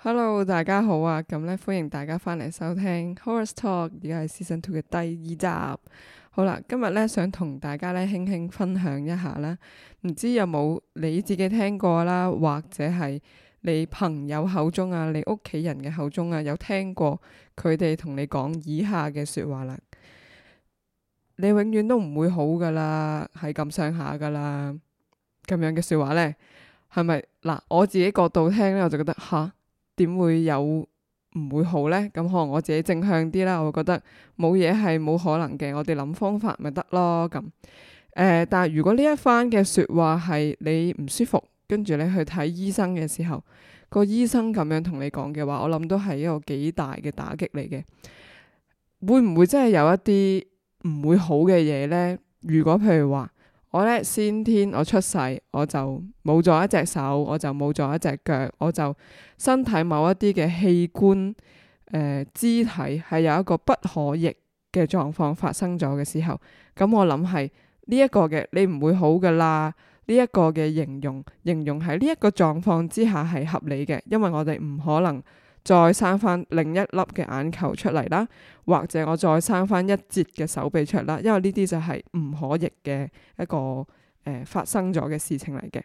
hello，大家好啊！咁呢，歡迎大家返嚟收聽 Horis Talk，而家係 Season Two 嘅第二集。好啦，今日呢，想同大家呢，輕輕分享一下啦。唔知有冇你自己聽過啦，或者係你朋友口中啊，你屋企人嘅口中啊，有聽過佢哋同你講以下嘅說話啦？你永遠都唔會好噶啦，係咁上下噶啦，咁樣嘅說話呢，係咪？嗱，我自己角度聽呢，我就覺得吓。點會有唔會好呢？咁可能我自己正向啲啦，我會覺得冇嘢係冇可能嘅，我哋諗方法咪得咯咁。但係如果呢一番嘅說話係你唔舒服，跟住你去睇醫生嘅時候，個醫生咁樣同你講嘅話，我諗都係一個幾大嘅打擊嚟嘅。會唔會真係有一啲唔會好嘅嘢呢？如果譬如話。我呢先天我出世我就冇咗一隻手，我就冇咗一隻腳，我就身體某一啲嘅器官誒、呃、肢體係有一個不可逆嘅狀況發生咗嘅時候，咁我諗係呢一個嘅你唔會好噶啦，呢、這、一個嘅形容形容喺呢一個狀況之下係合理嘅，因為我哋唔可能。再生返另一粒嘅眼球出嚟啦，或者我再生返一截嘅手臂出嚟啦，因為呢啲就係唔可逆嘅一個誒、呃、發生咗嘅事情嚟嘅。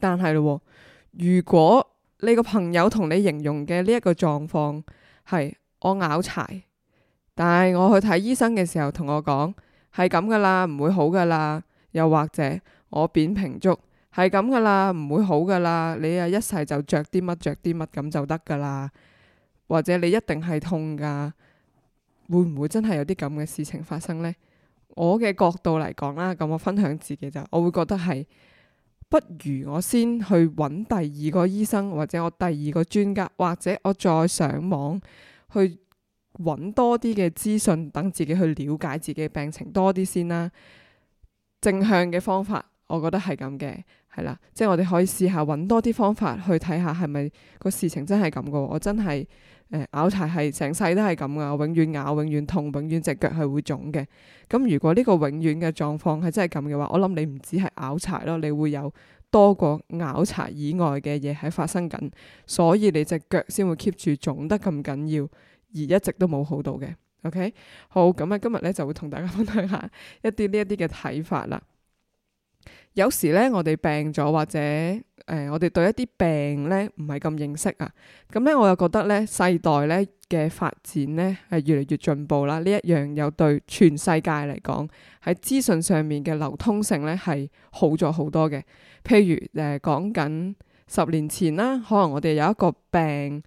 但係咯，如果你個朋友同你形容嘅呢一個狀況係我拗柴，但係我去睇醫生嘅時候同我講係咁噶啦，唔會好噶啦，又或者我扁平足。係咁噶啦，唔會好噶啦。你啊一世就着啲乜着啲乜咁就得噶啦，或者你一定係痛噶，會唔會真係有啲咁嘅事情發生呢？我嘅角度嚟講啦，咁我分享自己就我會覺得係不如我先去揾第二個醫生，或者我第二個專家，或者我再上網去揾多啲嘅資訊，等自己去了解自己嘅病情多啲先啦。正向嘅方法，我覺得係咁嘅。係啦，即係我哋可以試下揾多啲方法去睇下，係咪個事情真係咁噶？我真係誒拗柴，係成世都係咁噶，永遠拗，永遠痛，永遠隻腳係會腫嘅。咁如果呢個永遠嘅狀況係真係咁嘅話，我諗你唔止係拗柴咯，你會有多過拗柴以外嘅嘢喺發生緊，所以你隻腳先會 keep 住腫得咁緊要，而一直都冇好到嘅。OK，好，咁啊今日咧就會同大家分享下一啲呢一啲嘅睇法啦。有時咧、呃，我哋病咗或者誒，我哋對一啲病咧唔係咁認識啊。咁咧，我又覺得咧，世代咧嘅發展咧係越嚟越進步啦。呢一樣又對全世界嚟講，喺資訊上面嘅流通性咧係好咗好多嘅。譬如誒，講、呃、緊十年前啦，可能我哋有一個病誒、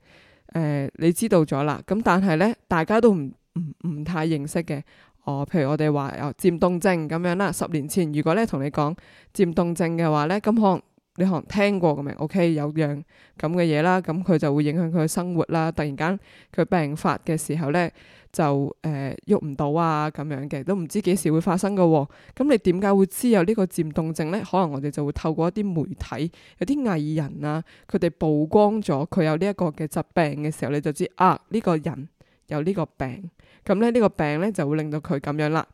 呃，你知道咗啦。咁但係咧，大家都唔唔唔太認識嘅。哦，譬如我哋話有漸凍症咁樣啦，十年前如果咧同你講漸凍症嘅話咧，咁可能你可能聽過咁樣，OK 有樣咁嘅嘢啦，咁佢就會影響佢嘅生活啦。突然間佢病發嘅時候咧，就誒喐唔到啊咁樣嘅，都唔知幾時會發生噶喎。咁你點解會知有個漸動呢個漸凍症咧？可能我哋就會透過一啲媒體，有啲藝人啊，佢哋曝光咗佢有呢一個嘅疾病嘅時候，你就知啊呢、這個人。有呢個病，咁咧呢個病咧就會令到佢咁樣啦。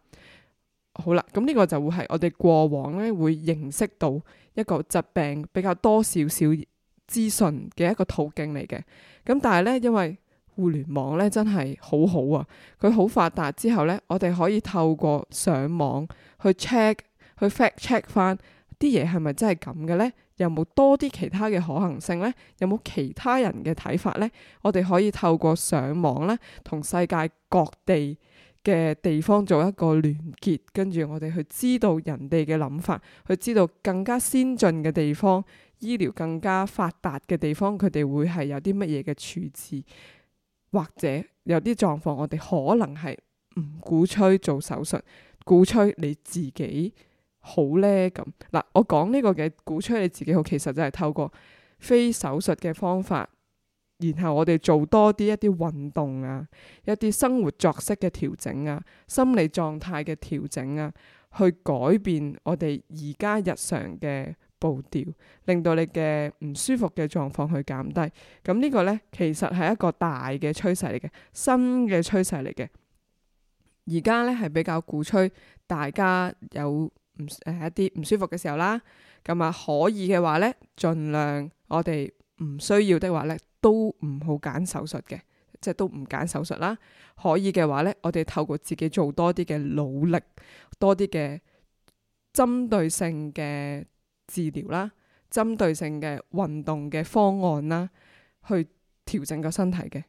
好啦，咁、這、呢個就會係我哋過往咧會認識到一個疾病比較多少少資訊嘅一個途徑嚟嘅。咁但係咧，因為互聯網咧真係好好啊，佢好發達之後咧，我哋可以透過上網去 check、去 fact check 翻。啲嘢係咪真係咁嘅咧？有冇多啲其他嘅可行性咧？有冇其他人嘅睇法咧？我哋可以透過上網咧，同世界各地嘅地方做一個聯結，跟住我哋去知道人哋嘅諗法，去知道更加先進嘅地方、醫療更加發達嘅地方，佢哋會係有啲乜嘢嘅處置，或者有啲狀況，我哋可能係唔鼓吹做手術，鼓吹你自己。好咧，咁嗱，我講呢個嘅鼓吹你自己好，其實就係透過非手術嘅方法，然後我哋做多啲一啲運動啊，一啲生活作息嘅調整啊，心理狀態嘅調整啊，去改變我哋而家日常嘅步調，令到你嘅唔舒服嘅狀況去減低。咁呢個呢，其實係一個大嘅趨勢嚟嘅，新嘅趨勢嚟嘅。而家呢，係比較鼓吹大家有。唔誒、呃、一啲唔舒服嘅時候啦，咁啊可以嘅話呢，盡量我哋唔需要的話呢，都唔好揀手術嘅，即係都唔揀手術啦。可以嘅話呢，我哋透過自己做多啲嘅努力，多啲嘅針對性嘅治療啦，針對性嘅運動嘅方案啦，去調整個身體嘅。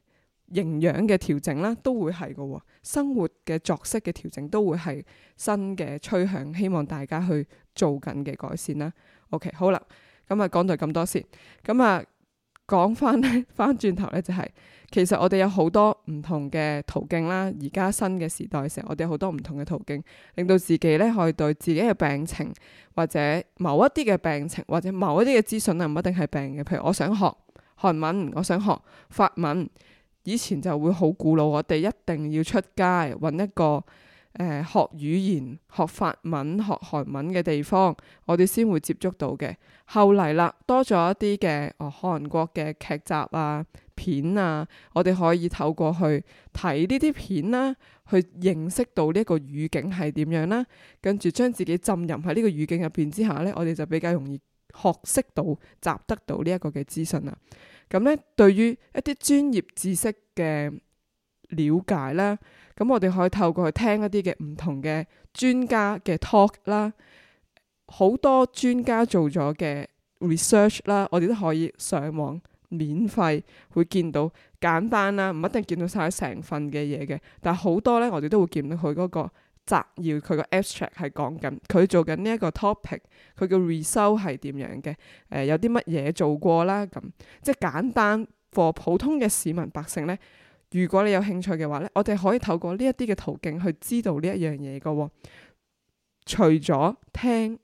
營養嘅調整啦，都會係㗎喎；生活嘅作息嘅調整都會係新嘅趨向，希望大家去做緊嘅改善啦。OK，好啦，咁、嗯、啊講到咁多先，咁、嗯、啊講翻翻轉頭咧、就是，就係其實我哋有好多唔同嘅途徑啦。而家新嘅時代成，我哋有好多唔同嘅途徑，令到自己咧可以對自己嘅病情或者某一啲嘅病情或者某一啲嘅資訊啊，唔一定係病嘅。譬如我想學韓文，我想學法文。以前就會好古老，我哋一定要出街揾一個誒、呃、學語言、學法文、學韓文嘅地方，我哋先會接觸到嘅。後嚟啦，多咗一啲嘅哦，韓國嘅劇集啊、片啊，我哋可以透過去睇呢啲片啦，去認識到呢一個語境係點樣啦，跟住將自己浸入喺呢個語境入邊之下咧，我哋就比較容易學識到、習得到呢一個嘅資訊啦。咁咧，對於一啲專業知識嘅了解啦，咁我哋可以透過去聽一啲嘅唔同嘅專家嘅 talk 啦，好多專家做咗嘅 research 啦，我哋都可以上網免費會見到簡單啦，唔一定見到晒成份嘅嘢嘅，但好多咧，我哋都會見到佢嗰個摘要佢 ab 個 abstract 係講緊，佢做緊呢一個 topic，佢嘅 result 係點樣嘅？誒、呃，有啲乜嘢做過啦？咁即係簡單，for 普通嘅市民百姓咧，如果你有興趣嘅話咧，我哋可以透過呢一啲嘅途徑去知道呢一樣嘢㗎喎。除咗聽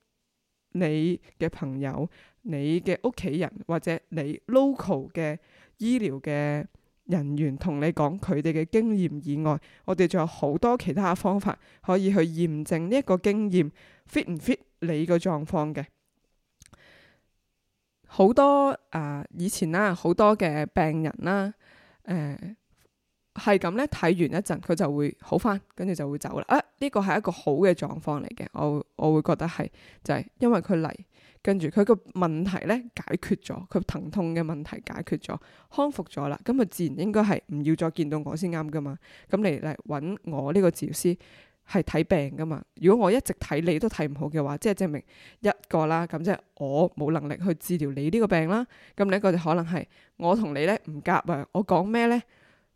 你嘅朋友、你嘅屋企人或者你 local 嘅醫療嘅人員同你講佢哋嘅經驗以外，我哋仲有好多其他方法可以去驗證呢一個經驗 fit 唔 fit 你個狀況嘅。好多啊、呃，以前啦，好多嘅病人啦，誒係咁咧，睇完一陣佢就會好返，跟住就會走啦。啊，呢個係一個好嘅狀況嚟嘅，我我會覺得係就係、是、因為佢嚟。跟住佢個問題咧解決咗，佢疼痛嘅問題解決咗，康復咗啦，咁佢自然應該係唔要再見到我先啱噶嘛。咁你嚟揾我呢個治療師係睇病噶嘛。如果我一直睇你都睇唔好嘅話，即係證明一個啦。咁即係我冇能力去治療你呢個病啦。咁另一個就可能係我同你咧唔夾啊。我講咩咧，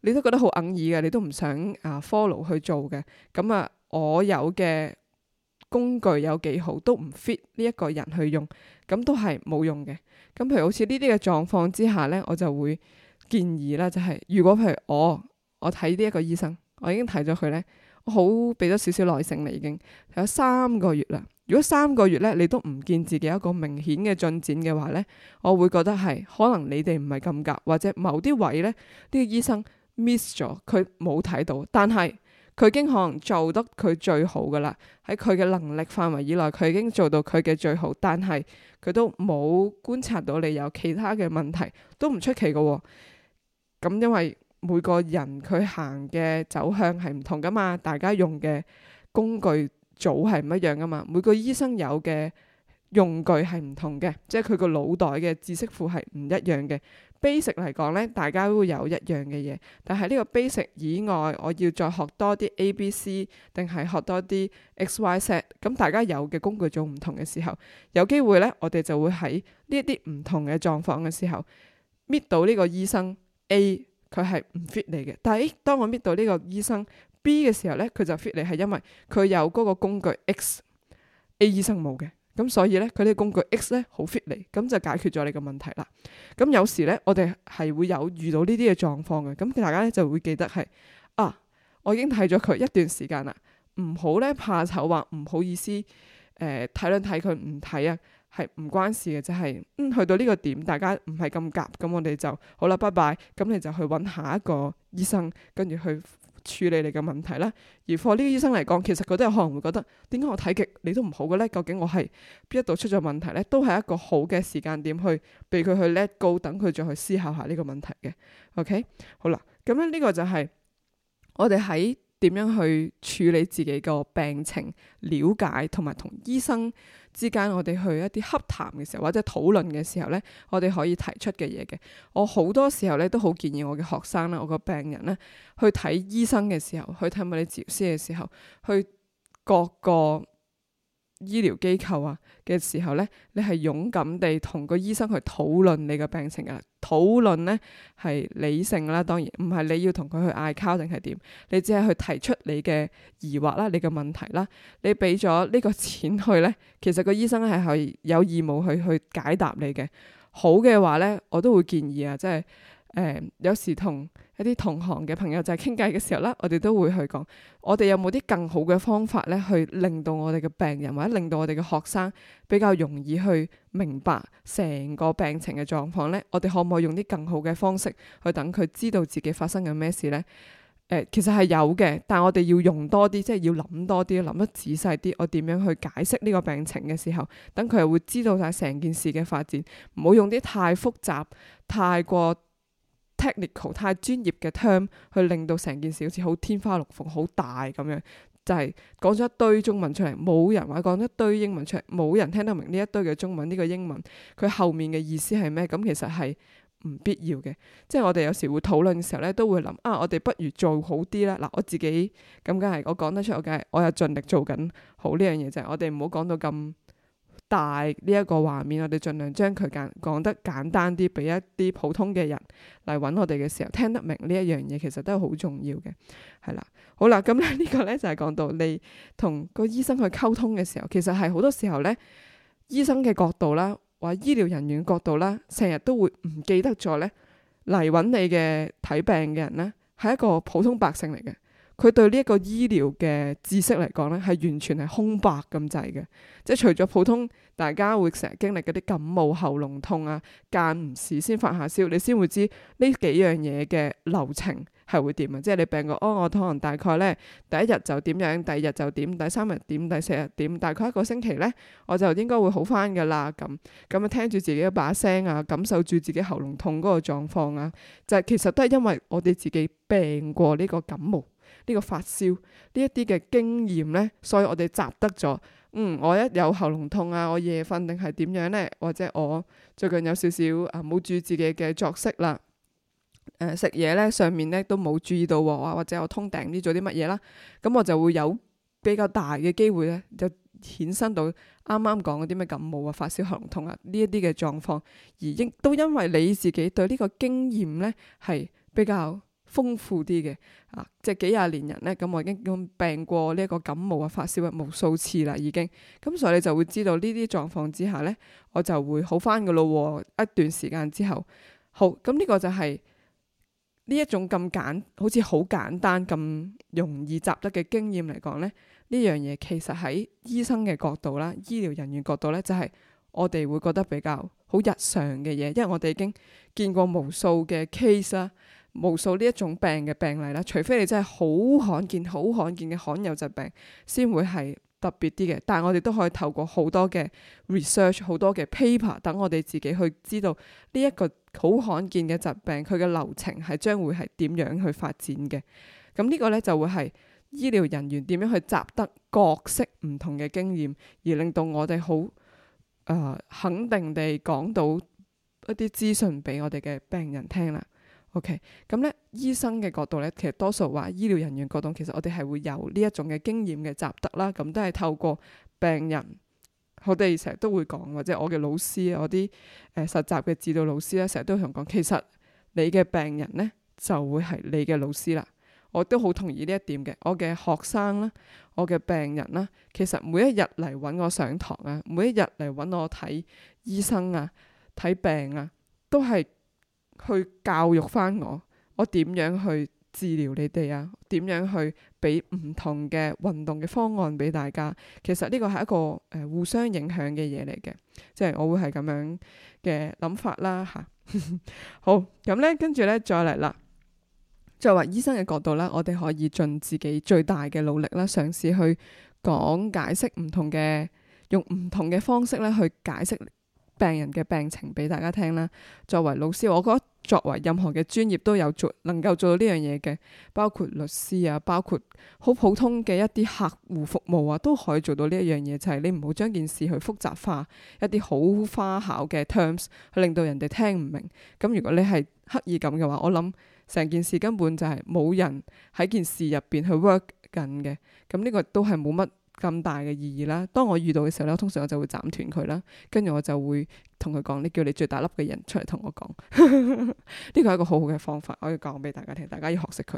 你都覺得好哽耳嘅，你都唔想啊 follow 去做嘅。咁啊，我有嘅。工具有幾好都唔 fit 呢一個人去用，咁都係冇用嘅。咁譬如好似呢啲嘅狀況之下咧，我就會建議啦、就係，就係如果譬如我我睇呢一個醫生，我已經睇咗佢咧，我好俾咗少少耐性啦，已經睇咗三個月啦。如果三個月咧你都唔見自己一個明顯嘅進展嘅話咧，我會覺得係可能你哋唔係咁夾，或者某啲位咧啲、呢個、醫生 miss 咗佢冇睇到，但係。佢已經可能做得佢最好噶啦，喺佢嘅能力範圍以內，佢已經做到佢嘅最，最好。但係佢都冇觀察到你有其他嘅問題，都唔出奇嘅，哦。咁因為每個人佢行嘅走向係唔同噶嘛，大家用嘅工具組係唔一樣噶嘛，每個醫生有嘅用具係唔同嘅，即係佢個腦袋嘅知識庫係唔一樣嘅。basic 嚟講呢，大家都會有一樣嘅嘢，但係呢個 basic 以外，我要再學多啲 A、B、C，定係學多啲 X、Y、Z。咁大家有嘅工具組唔同嘅時候，有機會呢，我哋就會喺呢一啲唔同嘅狀況嘅時候，meet 到呢個醫生 A，佢係唔 fit 你嘅。但係當我 meet 到呢個醫生 B 嘅時候呢，佢就 fit 你，係因為佢有嗰個工具 X，A 醫生冇嘅。咁所以咧，佢啲工具 X 咧好 fit 嚟，咁就解決咗你個問題啦。咁有時咧，我哋係會有遇到呢啲嘅狀況嘅，咁大家咧就會記得係啊，我已經睇咗佢一段時間啦，唔好咧怕醜話，唔好意思，誒睇兩睇佢唔睇啊，係唔關事嘅，就係、是、嗯去到呢個點，大家唔係咁夾，咁我哋就好啦，拜拜，咁你就去揾下一個醫生，跟住去。處理你嘅問題啦。而婦呢個醫生嚟講，其實佢都有可能會覺得，點解我睇極你都唔好嘅咧？究竟我係邊一度出咗問題咧？都係一個好嘅時間點去俾佢去 let go，等佢再去思考下呢個問題嘅。OK，好啦，咁咧呢個就係我哋喺。點樣去處理自己個病情？了解同埋同醫生之間，我哋去一啲洽談嘅時候，或者討論嘅時候咧，我哋可以提出嘅嘢嘅。我好多時候咧，都好建議我嘅學生啦，我個病人咧，去睇醫生嘅時候，去睇物理治療師嘅時候，去各個醫療機構啊嘅時候咧，你係勇敢地同個醫生去討論你嘅病情㗎。討論咧係理性啦，當然唔係你要同佢去嗌交定係點，你只係去提出你嘅疑惑啦，你嘅問題啦。你俾咗呢個錢去咧，其實個醫生係去有義務去去解答你嘅。好嘅話咧，我都會建議啊，即係誒、呃、有時同，一啲同行嘅朋友就係傾偈嘅時候啦，我哋都會去講，我哋有冇啲更好嘅方法咧，去令到我哋嘅病人或者令到我哋嘅學生比較容易去明白成個病情嘅狀況咧？我哋可唔可以用啲更好嘅方式去等佢知道自己發生緊咩事咧？誒、呃，其實係有嘅，但係我哋要用多啲，即係要諗多啲，諗得仔細啲，我點樣去解釋呢個病情嘅時候，等佢係會知道晒成件事嘅發展，唔好用啲太複雜、太過。technical 太專業嘅 term 去令到成件事好似好天花龍鳳好大咁樣，就係講咗一堆中文出嚟，冇人話講咗一堆英文出嚟，冇人聽得明呢一堆嘅中文呢、呢個英文佢後面嘅意思係咩？咁其實係唔必要嘅，即、就、係、是、我哋有時會討論嘅時候咧，都會諗啊，我哋不如做好啲啦。嗱、啊，我自己咁梗係我講得出，我梗係我有盡力做緊好呢樣嘢，就係、是、我哋唔好講到咁。大呢一個畫面，我哋盡量將佢簡講得簡單啲，俾一啲普通嘅人嚟揾我哋嘅時候聽得明呢一樣嘢，其實都係好重要嘅，係啦，好啦，咁咧呢個呢，就係講到你同個醫生去溝通嘅時候，其實係好多時候呢，醫生嘅角度啦，或者醫療人員嘅角度啦，成日都會唔記得咗呢嚟揾你嘅睇病嘅人呢，係一個普通百姓嚟嘅。佢對呢一個醫療嘅知識嚟講咧，係完全係空白咁滯嘅，即係除咗普通大家會成日經歷嗰啲感冒、喉嚨痛啊，間唔時先發下燒，你先會知呢幾樣嘢嘅流程係會點啊。即係你病過哦，我可能大概咧第一日就點樣，第二日就點，第三日點，第四日點，大概一個星期咧，我就應該會好翻㗎啦。咁咁啊，聽住自己一把聲啊，感受住自己喉嚨痛嗰個狀況啊，就係其實都係因為我哋自己病過呢個感冒。呢個發燒，呢一啲嘅經驗咧，所以我哋習得咗。嗯，我一有喉嚨痛啊，我夜瞓定係點樣咧？或者我最近有少少啊冇注意自己嘅作息啦，誒食嘢咧上面咧都冇注意到喎，或者我通頂啲做啲乜嘢啦，咁、啊、我，我就會有比較大嘅機會咧，就衍生到啱啱講嗰啲咩感冒啊、發燒、喉嚨痛啊呢一啲嘅狀況，而亦都因為你自己對呢個經驗咧係比較豐富啲嘅、啊、即係幾廿年人呢。咁我已經咁病過呢一個感冒啊、發燒啊無數次啦，已經咁、啊，所以你就會知道呢啲狀況之下呢，我就會好翻噶咯喎，一段時間之後好咁，呢、啊這個就係呢一種咁簡，好似好簡單咁容易習得嘅經驗嚟講呢，呢樣嘢其實喺醫生嘅角度啦，醫療人員角度呢，就係我哋會覺得比較好日常嘅嘢，因為我哋已經見過無數嘅 case 啦。無數呢一種病嘅病例啦，除非你真係好罕見、好罕見嘅罕有疾病，先會係特別啲嘅。但係我哋都可以透過好多嘅 research、好多嘅 paper 等，我哋自己去知道呢一個好罕見嘅疾病佢嘅流程係將會係點樣去發展嘅。咁，嗯，呢個呢，就會係醫療人員點樣去集得各式唔同嘅經驗，而令到我哋好誒肯定地講到一啲資訊俾我哋嘅病人聽啦。O.K. 咁呢醫生嘅角度呢，其實多數話醫療人員角度，其實我哋係會有呢一種嘅經驗嘅習得啦。咁都係透過病人，我哋成日都會講，或者我嘅老師，我啲誒實習嘅指導老師咧，成日都同我講，其實你嘅病人呢，就會係你嘅老師啦。我都好同意呢一點嘅，我嘅學生啦，我嘅病人啦，其實每一日嚟搵我上堂啊，每一日嚟搵我睇醫生啊，睇病啊，都係。去教育翻我，我點樣去治療你哋啊？點樣去俾唔同嘅運動嘅方案俾大家？其實呢個係一個誒、呃、互相影響嘅嘢嚟嘅，即係我會係咁樣嘅諗法啦吓，啊、 好，咁呢，跟住呢，再嚟啦。作為醫生嘅角度咧，我哋可以盡自己最大嘅努力啦，嘗試去講解釋唔同嘅，用唔同嘅方式咧去解釋病人嘅病情俾大家聽啦。作為老師，我覺得。作為任何嘅專業都有做，能夠做到呢樣嘢嘅，包括律師啊，包括好普通嘅一啲客戶服務啊，都可以做到呢一樣嘢。就係你唔好將件事去複雜化，一啲好花巧嘅 terms 去令到人哋聽唔明。咁如果你係刻意咁嘅話，我諗成件事根本就係冇人喺件事入邊去 work 緊嘅。咁呢個都係冇乜。咁大嘅意義啦，當我遇到嘅時候咧，通常我就會斬斷佢啦，跟住我就會同佢講，你叫你最大粒嘅人出嚟同我講，呢個係一個好好嘅方法，我要講俾大家聽，大家要學識佢。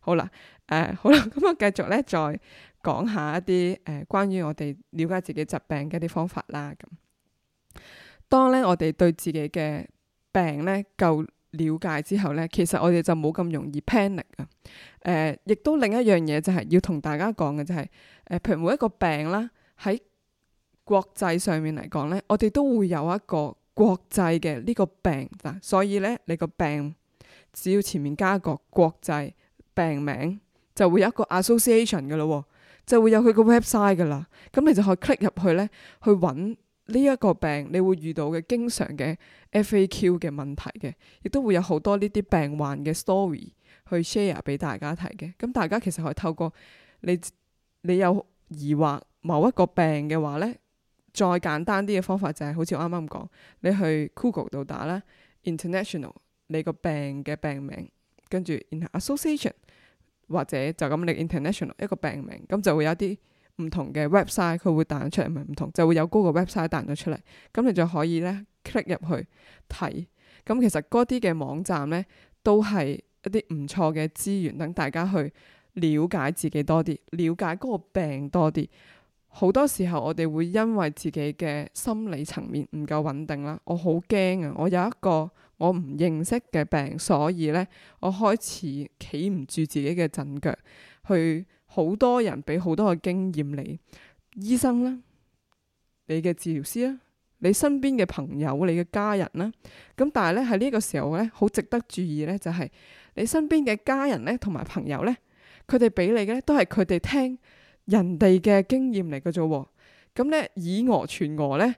好啦，誒、呃，好啦，咁我繼續咧，再講一下一啲誒、呃，關於我哋了解自己疾病嘅一啲方法啦。咁當咧，我哋對自己嘅病咧，就了解之後呢，其實我哋就冇咁容易 panic 噶。誒、呃，亦都另一樣嘢就係、是、要同大家講嘅就係、是、誒、呃，譬如每一個病啦，喺國際上面嚟講呢，我哋都會有一個國際嘅呢個病嗱、呃，所以呢，你個病只要前面加一個國際病名，就會有一個 association 噶咯，就會有佢個 website 噶啦，咁你就可以 click 入去呢，去揾。呢一個病你會遇到嘅經常嘅 FAQ 嘅問題嘅，亦都會有好多呢啲病患嘅 story 去 share 俾大家睇嘅。咁大家其實可以透過你你有疑惑某一個病嘅話呢，再簡單啲嘅方法就係、是、好似我啱啱講，你去 Google 度打啦 International 你個病嘅病名，跟住 Association 或者就咁你 International 一個病名，咁就會有啲，唔同嘅 website 佢會彈出嚟，唔係唔同，就會有嗰個 website 彈咗出嚟，咁你就可以咧 click 入去睇。咁其實嗰啲嘅網站咧，都係一啲唔錯嘅資源，等大家去了解自己多啲，了解嗰個病多啲。好多時候我哋會因為自己嘅心理層面唔夠穩定啦，我好驚啊！我有一個我唔認識嘅病，所以咧我開始企唔住自己嘅陣腳去。好多人俾好多嘅經驗你，醫生啦，你嘅治療師啦，你身邊嘅朋友、你嘅家人啦，咁但係咧喺呢個時候咧，好值得注意咧就係你身邊嘅家人咧同埋朋友咧，佢哋俾你嘅都係佢哋聽人哋嘅經驗嚟嘅啫喎，咁咧以訛傳訛咧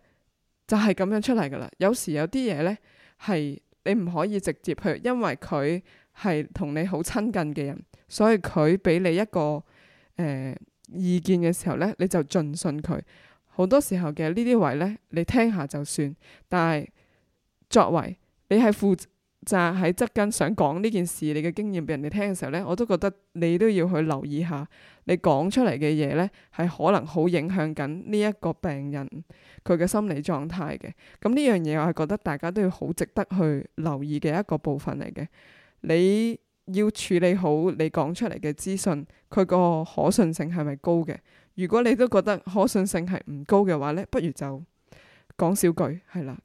就係咁樣出嚟㗎啦。有時有啲嘢咧係你唔可以直接去，因為佢係同你好親近嘅人，所以佢俾你一個。誒、呃，意見嘅時候呢，你就盡信佢。好多時候嘅呢啲位呢，你聽下就算。但係作為你係負責喺側跟想講呢件事，你嘅經驗俾人哋聽嘅時候呢，我都覺得你都要去留意下，你講出嚟嘅嘢呢，係可能好影響緊呢一個病人佢嘅心理狀態嘅。咁、嗯、呢樣嘢我係覺得大家都要好值得去留意嘅一個部分嚟嘅。你。要處理好你講出嚟嘅資訊，佢個可信性係咪高嘅？如果你都覺得可信性係唔高嘅話呢，不如就講少句係啦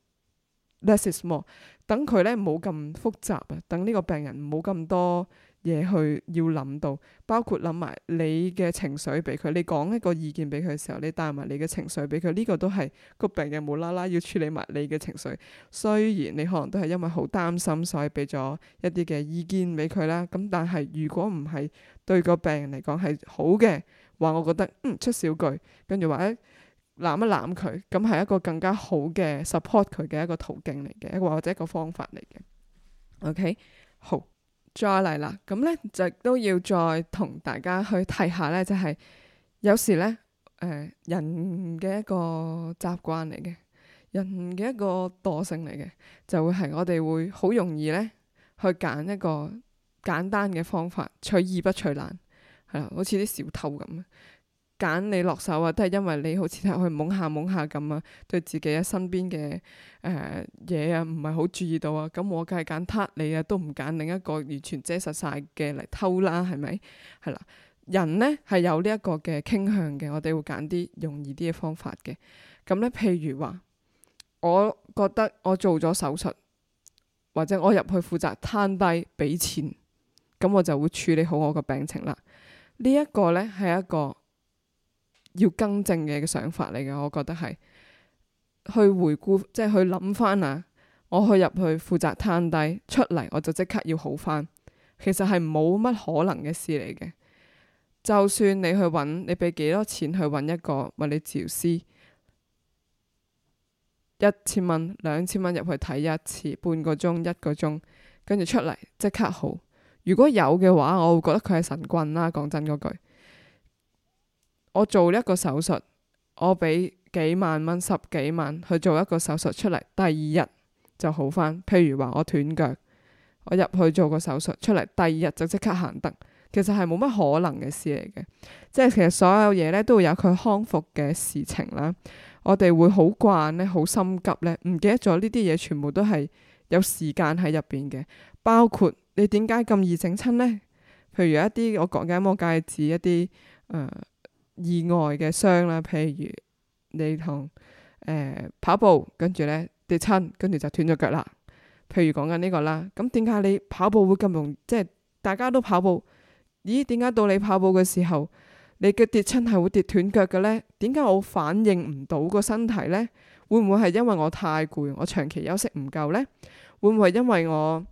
，less is more。等佢呢冇咁複雜啊，等呢個病人冇咁多。嘢去要諗到，包括諗埋你嘅情緒俾佢。你講一個意見俾佢嘅時候，你帶埋你嘅情緒俾佢。呢個都係個病人冇啦啦要處理埋你嘅情緒。雖然你可能都係因為好擔心，所以俾咗一啲嘅意見俾佢啦。咁但係如果唔係對個病人嚟講係好嘅話，我覺得嗯出少句，跟住話咧攬一攬佢，咁係一個更加好嘅 support 佢嘅一個途徑嚟嘅，或者一個方法嚟嘅。OK，好。再嚟啦，咁呢就都要再同大家去睇下呢，就係、是、有時呢，誒、呃、人嘅一個習慣嚟嘅，人嘅一個惰性嚟嘅，就是、會係我哋會好容易呢去揀一個簡單嘅方法，取易不取難，係啦，好似啲小偷咁揀你落手啊，都係因為你好似睇落去懵下懵下咁啊，對自己啊身邊嘅誒嘢啊，唔係好注意到啊。咁我梗係揀撻你啊，都唔揀另一個完全遮實晒嘅嚟偷啦，係咪？係啦，人呢係有呢一個嘅傾向嘅，我哋會揀啲容易啲嘅方法嘅。咁呢，譬如話，我覺得我做咗手術，或者我入去負責攤低俾錢，咁我就會處理好我個病情啦。呢一個呢係一個。要更正嘅想法嚟嘅，我覺得係去回顧，即係去諗翻啊！我去入去負責攤低，出嚟我就即刻要好翻。其實係冇乜可能嘅事嚟嘅。就算你去揾，你俾幾多錢去揾一個物理治療師一千蚊、兩千蚊入去睇一次，半個鐘一個鐘跟住出嚟即刻好。如果有嘅話我會覺得佢係神棍啦。講真嗰句。我做一個手術，我俾幾萬蚊、十幾萬去做一個手術出嚟，第二日就好翻。譬如話我斷腳，我入去做個手術出嚟，第二日就即刻行得。其實係冇乜可能嘅事嚟嘅，即係其實所有嘢呢，都會有佢康復嘅事情啦。我哋會好慣呢，好心急呢，唔記得咗呢啲嘢全部都係有時間喺入邊嘅，包括你點解咁易整親呢？譬如一啲我講緊魔戒指一啲誒。呃意外嘅傷啦，譬如你同誒、呃、跑步，跟住呢跌親，跟住就斷咗腳啦。譬如講緊呢個啦，咁點解你跑步會咁容易？即係大家都跑步，咦？點解到你跑步嘅時候，你嘅跌親係會跌斷腳嘅呢？點解我反應唔到個身體呢？會唔會係因為我太攰？我長期休息唔夠呢？會唔會係因為我？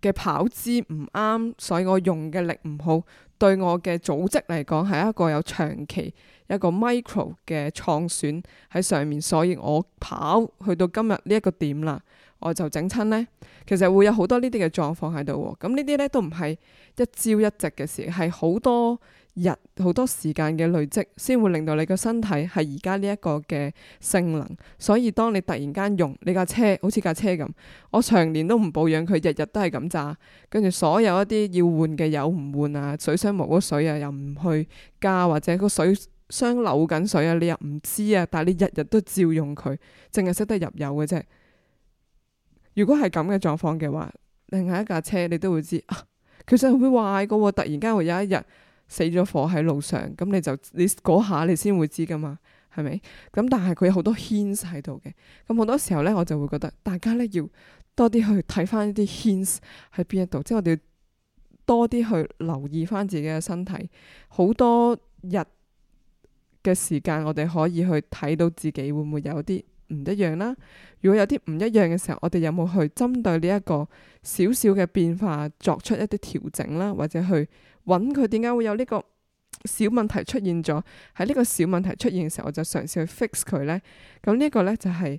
嘅跑姿唔啱，所以我用嘅力唔好，對我嘅組織嚟講係一個有長期一個 micro 嘅創損喺上面，所以我跑去到今日呢一個點啦，我就整親呢。其實會有好多呢啲嘅狀況喺度喎。咁呢啲呢，都唔係一朝一夕嘅事，係好多。日好多時間嘅累積，先會令到你個身體係而家呢一個嘅性能。所以當你突然間用你架車，好似架車咁，我長年都唔保養佢，日日都係咁揸，跟住所有一啲要換嘅油唔換啊，水箱冇咗水啊，又唔去加或者個水箱漏緊水啊，你又唔知啊，但係你日日都照用佢，淨係識得入油嘅啫。如果係咁嘅狀況嘅話，另外一架車你都會知啊，其實會壞噶喎。突然間會有一日。死咗火喺路上，咁你就你嗰下你先會知噶嘛，係咪？咁但係佢有好多 hints 喺度嘅，咁好多時候呢，我就會覺得大家呢要多啲去睇翻一啲 hints 喺邊一度，即係我哋要多啲去留意翻自己嘅身體。好多日嘅時間，我哋可以去睇到自己會唔會有啲唔一樣啦。如果有啲唔一樣嘅時候，我哋有冇去針對呢一個小小嘅變化作出一啲調整啦，或者去揾佢點解會有呢個小問題出現咗？喺呢個小問題出現嘅時候，我就嘗試去 fix 佢呢。咁呢一個呢就係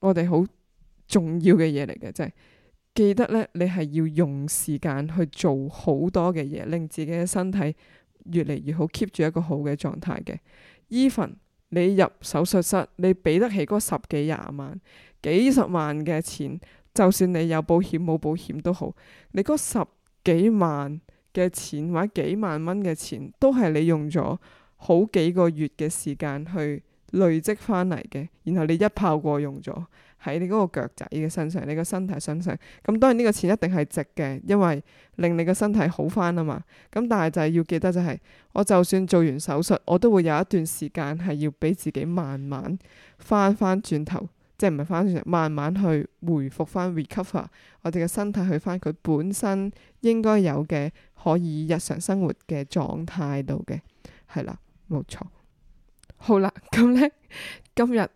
我哋好重要嘅嘢嚟嘅，即係記得呢，你係要用時間去做好多嘅嘢，令自己嘅身體越嚟越好，keep 住一個好嘅狀態嘅。even 你入手術室，你俾得起嗰十幾廿萬、幾十萬嘅錢，就算你有保險冇保險都好，你嗰十幾萬。嘅錢或者幾萬蚊嘅錢，都係你用咗好幾個月嘅時間去累積翻嚟嘅。然後你一炮過用咗喺你嗰個腳仔嘅身上，你個身體身上咁。當然呢個錢一定係值嘅，因為令你個身體好翻啊嘛。咁但係就係要記得就係、是，我就算做完手術，我都會有一段時間係要俾自己慢慢翻翻轉頭，即係唔係翻上，慢慢去回復翻 recover，我哋嘅身體去翻佢本身應該有嘅，可以日常生活嘅狀態度嘅，係、嗯、啦，冇錯。好啦，咁呢，今日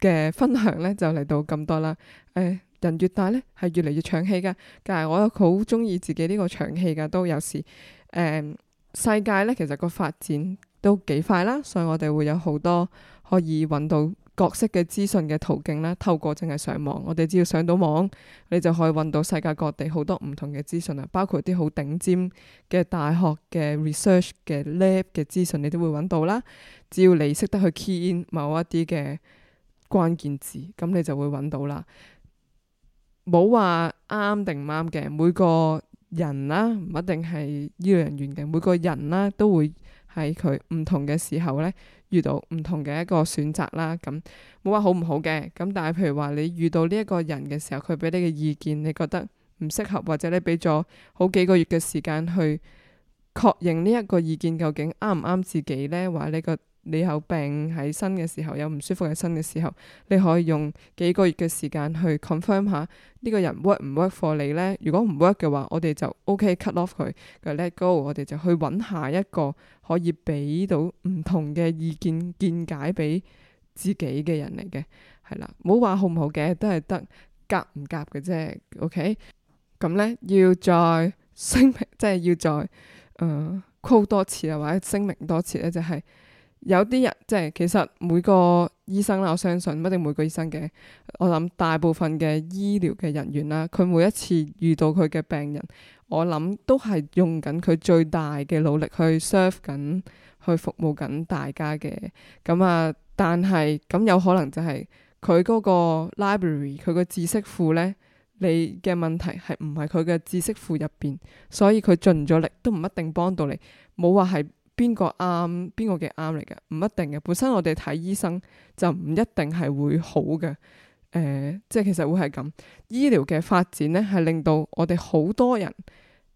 嘅分享呢就嚟到咁多啦。誒，人越大呢，係越嚟越長氣噶，但係我都好中意自己呢個長氣噶，都有時。誒、嗯，世界呢其實個發展都幾快啦，所以我哋會有好多可以揾到。角色嘅資訊嘅途徑啦，透過淨係上網，我哋只要上到網，你就可以揾到世界各地好多唔同嘅資訊啊，包括啲好頂尖嘅大學嘅 research 嘅 lab 嘅資訊，你都會揾到啦。只要你識得去 key in 某一啲嘅關鍵字，咁你就會揾到啦。冇話啱定唔啱嘅，每個人啦，唔一定係醫療人員嘅，每個人啦都會。喺佢唔同嘅時候呢，遇到唔同嘅一個選擇啦，咁冇話好唔好嘅，咁但係譬如話你遇到呢一個人嘅時候，佢畀你嘅意見，你覺得唔適合，或者你畀咗好幾個月嘅時間去確認呢一個意見究竟啱唔啱自己呢？或你、呢個？你有病喺身嘅時候，有唔舒服喺身嘅時候，你可以用幾個月嘅時間去 confirm 下呢個人 work 唔 work for 你咧？如果唔 work 嘅話，我哋就 OK cut off 佢 let go，我哋就去揾下一個可以俾到唔同嘅意見見解俾自己嘅人嚟嘅，係啦，唔好話好唔好嘅，都係得夾唔夾嘅啫。OK，咁咧要再聲明，即係要再誒 call、呃、多次啊，或者聲明多次咧，就係、是。有啲人即係其實每個醫生啦，我相信唔一定每個醫生嘅。我諗大部分嘅醫療嘅人員啦，佢每一次遇到佢嘅病人，我諗都係用緊佢最大嘅努力去 serve 緊，去服務緊大家嘅。咁啊，但係咁有可能就係佢嗰個 library，佢個知識庫咧，你嘅問題係唔係佢嘅知識庫入邊，所以佢盡咗力都唔一定幫到你，冇話係。邊個啱？邊個嘅啱嚟嘅？唔一定嘅。本身我哋睇醫生就唔一定係會好嘅。誒、呃，即係其實會係咁。醫療嘅發展咧，係令到我哋好多人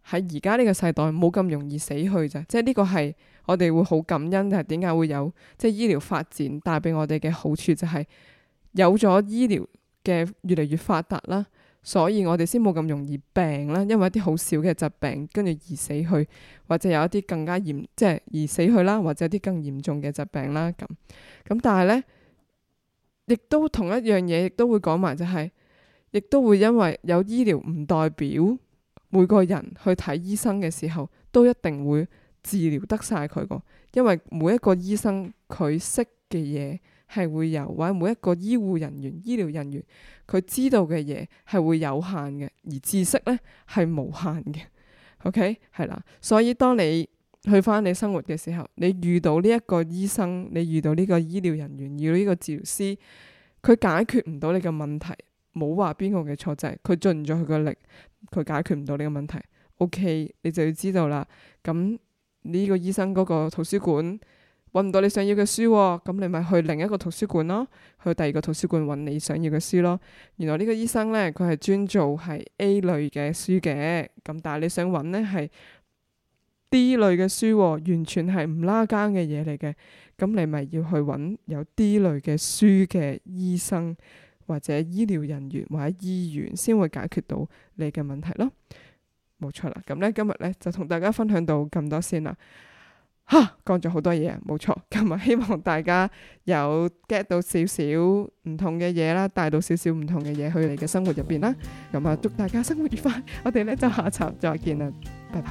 喺而家呢個世代冇咁容易死去咋，即係呢個係我哋會好感恩，係點解會有即係醫療發展帶俾我哋嘅好處，就係有咗醫療嘅越嚟越發達啦。所以我哋先冇咁容易病啦，因為一啲好少嘅疾病跟住而死去，或者有一啲更加嚴即係而死去啦，或者有啲更嚴重嘅疾病啦咁。咁但係咧，亦都同一樣嘢，亦都會講埋就係，亦都會因為有醫療唔代表每個人去睇醫生嘅時候都一定會治療得曬佢個，因為每一個醫生佢識嘅嘢。係會有，或者每一個醫護人員、醫療人員，佢知道嘅嘢係會有限嘅，而知識咧係無限嘅。OK，係啦，所以當你去翻你生活嘅時候，你遇到呢一個醫生，你遇到呢個醫療人員，遇到呢個治療師，佢解決唔到你嘅問題，冇話邊個嘅錯，就係佢盡咗佢嘅力，佢解決唔到你嘅問題。OK，你就要知道啦。咁呢個醫生嗰個圖書館，搵唔到你想要嘅書，哦，咁你咪去另一個圖書館咯，去第二個圖書館搵你想要嘅書咯。原來呢個醫生呢，佢係專做係 A 類嘅書嘅，咁但係你想搵呢係 D 類嘅書，完全係唔拉更嘅嘢嚟嘅。咁你咪要去搵有 D 類嘅書嘅醫生或者醫療人員或者醫院，先會解決到你嘅問題咯。冇錯啦，咁呢今日呢，就同大家分享到咁多先啦。哈，講咗好多嘢，冇錯。咁啊，希望大家有 get 到少少唔同嘅嘢啦，帶到少少唔同嘅嘢去你嘅生活入邊啦。咁啊，祝大家生活愉快。我哋咧就下集再見啦，拜拜。